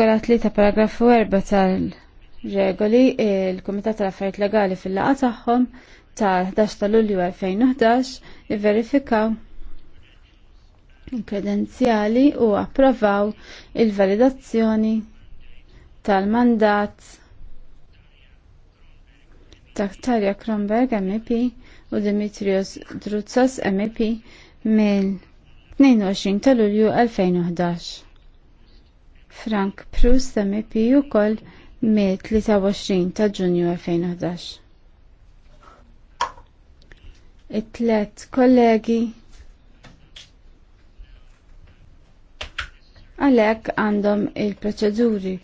Regola 3 paragrafu 4 tal-regoli il-Komitat tal-Affarijiet Legali fil-laqa tagħhom tal-11 ta' Lulju 2011 iverifikaw il-kredenzjali u approvaw il-validazzjoni tal-mandat ta' Tarja Kronberg MEP u Dimitrios Drutzas MEP mill-22 ta' Lulju 2011. Frank Prus MP ukoll mit-23 ta' Ġunju 2011. It-tlet kollegi għalek għandhom il-proċeduri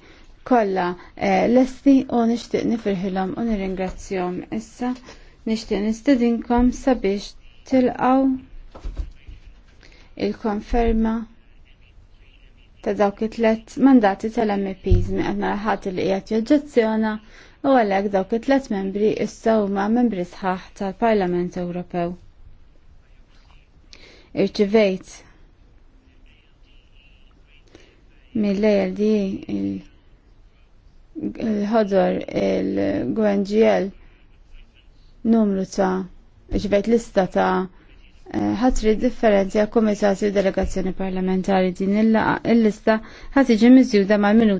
kolla eh, l-esti u nishtiq nifirħilom u nirringrazzjom issa nishtiq nistedinkom sabiex tilqaw il-konferma ta' dawk it-tlet mandati tal-MPs mi qed ħat li qiegħed joġġezzjona u għalhekk dawk it-tlet membri issa huma membri sħaħ tal-Parlament Ewropew. Irċivejt mill-ALD il-ħodor il-GNGL numru ta' irċivejt lista ta' ħatri differenzja komitati u delegazzjoni parlamentari din il-lista ħatiġi miżjuda mal-minuti